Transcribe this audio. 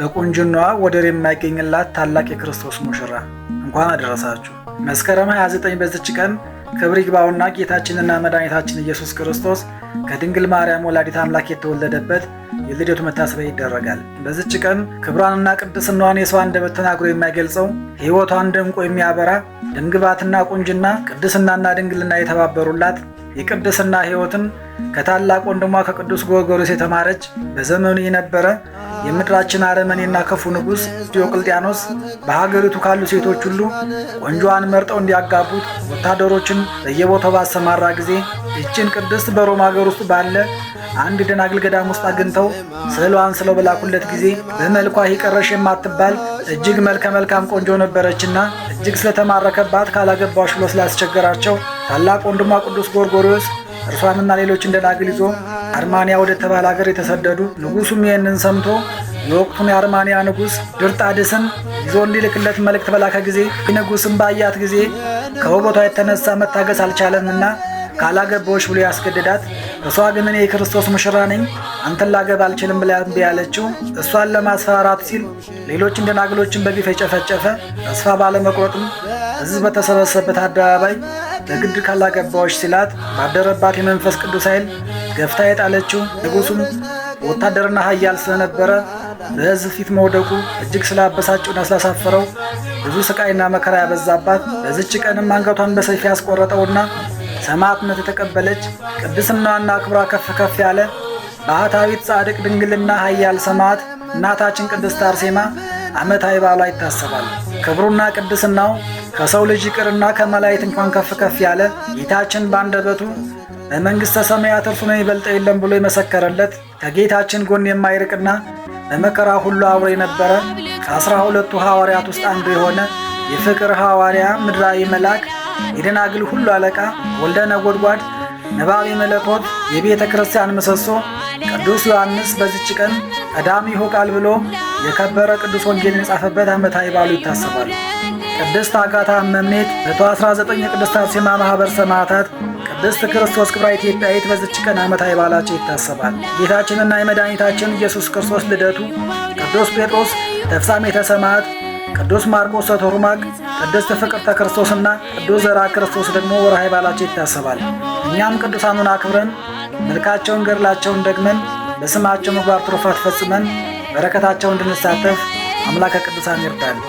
በቁንጅናዋ ወደር የማይገኝላት ታላቅ የክርስቶስ ሙሽራ እንኳን አደረሳችሁ። መስከረም 29 በዚች ቀን ክብር ይግባውና ጌታችንና መድኃኒታችን ኢየሱስ ክርስቶስ ከድንግል ማርያም ወላዲት አምላክ የተወለደበት የልደቱ መታሰቢያ ይደረጋል። በዚች ቀን ክብሯንና ቅድስናዋን የሰው አንደበት ተናግሮ የማይገልጸው ሕይወቷን ደምቆ የሚያበራ ድንግባትና ቁንጅና ቅድስናና ድንግልና የተባበሩላት የቅድስና ሕይወትን ከታላቅ ወንድሟ ከቅዱስ ጎርጎሮስ የተማረች በዘመኑ የነበረ የምድራችን አረመኔና ክፉ ንጉሥ ዲዮቅልጥያኖስ በሀገሪቱ ካሉ ሴቶች ሁሉ ቆንጆዋን መርጠው እንዲያጋቡት ወታደሮችን በየቦታው ባሰማራ ጊዜ ይችን ቅድስት በሮም ሀገር ውስጥ ባለ አንድ ደናግል ገዳም ውስጥ አግኝተው ስዕሏን ስለው በላኩለት ጊዜ በመልኳ የቀረሽ የማትባል እጅግ መልከ መልካም ቆንጆ ነበረችና እጅግ ስለተማረከባት ካላገባሽ ብሎ ስላስቸገራቸው ታላቅ ወንድሟ ቅዱስ ጎርጎሪዎስ እርሷንና ሌሎችን ደናግል ይዞ አርማንያ ወደ ተባለ ሀገር የተሰደዱ ንጉሱም ይህንን ሰምቶ የወቅቱን የአርማንያ ንጉስ ድርጣድስን ይዞ እንዲልክለት መልእክት በላከ ጊዜ ንጉሥም ባያት ጊዜ ከውበቷ የተነሳ መታገስ አልቻለምና ካላገባዎች ብሎ ያስገደዳት። እሷ ግን እኔ የክርስቶስ ሙሽራ ነኝ አንተን ላገባ አልችልም ብላ ያለችው እሷን ለማስፈራራት ሲል ሌሎችን ደናግሎችን በግፍ የጨፈጨፈ ተስፋ ባለመቁረጥም ሕዝብ በተሰበሰበበት አደባባይ በግድ ካላገባዎች ሲላት ባደረባት የመንፈስ ቅዱስ ኃይል ገፍታ የጣለችው ንጉሱም ወታደርና ኃያል ስለነበረ በሕዝብ ፊት መውደቁ እጅግ ስላበሳጭውና ስላሳፈረው ብዙ ስቃይና መከራ ያበዛባት በዝች ቀንም አንገቷን በሰይፍ ያስቆረጠውና ሰማዕትነት የተቀበለች ቅድስናዋና ክብሯ ከፍ ከፍ ያለ ባህታዊት ጻድቅ ድንግልና ኃያል ሰማዕት እናታችን ቅድስት አርሴማ ዓመታዊ በዓሏ ይታሰባል። ክብሩና ቅድስናው ከሰው ልጅ ይቅርና ከመላእክት እንኳን ከፍ ከፍ ያለ ጌታችን ባንደበቱ በመንግሥተ ሰማያት እርሱ ነው ይበልጥ የለም ብሎ የመሰከረለት ከጌታችን ጎን የማይርቅና በመከራ ሁሉ አብሮ የነበረ ከአስራ ሁለቱ ሐዋርያት ውስጥ አንዱ የሆነ የፍቅር ሐዋርያ ምድራዊ መልአክ የደናግል ሁሉ አለቃ ወልደ ነጎድጓድ ነባቤ መለኮት የቤተ ክርስቲያን ምሰሶ ቅዱስ ዮሐንስ በዚች ቀን ቀዳሚ ይሆቃል ብሎ የከበረ ቅዱስ ወንጌልን የጻፈበት ዓመታዊ በዓሉ ይታሰባል። ቅድስት አጋታ መምኔት 119 የቅድስት አርሴማ ማኅበር ሰማዕታት ቅድስት ክርስቶስ ክብራ ኢትዮጵያዊት በዝች ቀን ዓመታዊ በዓላቸው ይታሰባል። ጌታችንና የመድኃኒታችን ኢየሱስ ክርስቶስ ልደቱ፣ ቅዱስ ጴጥሮስ ተፍጻሜተ ሰማዕት፣ ቅዱስ ማርቆስ ዘቶርማቅ፣ ቅድስት ፍቅርተ ክርስቶስና ቅዱስ ዘራ ክርስቶስ ደግሞ ወርሃዊ በዓላቸው ይታሰባል። እኛም ቅዱሳኑን አክብረን መልካቸውን ገድላቸውን ደግመን በስማቸው ምግባር ትሩፋት ፈጽመን በረከታቸው እንድንሳተፍ አምላከ ቅዱሳን ይርዳል።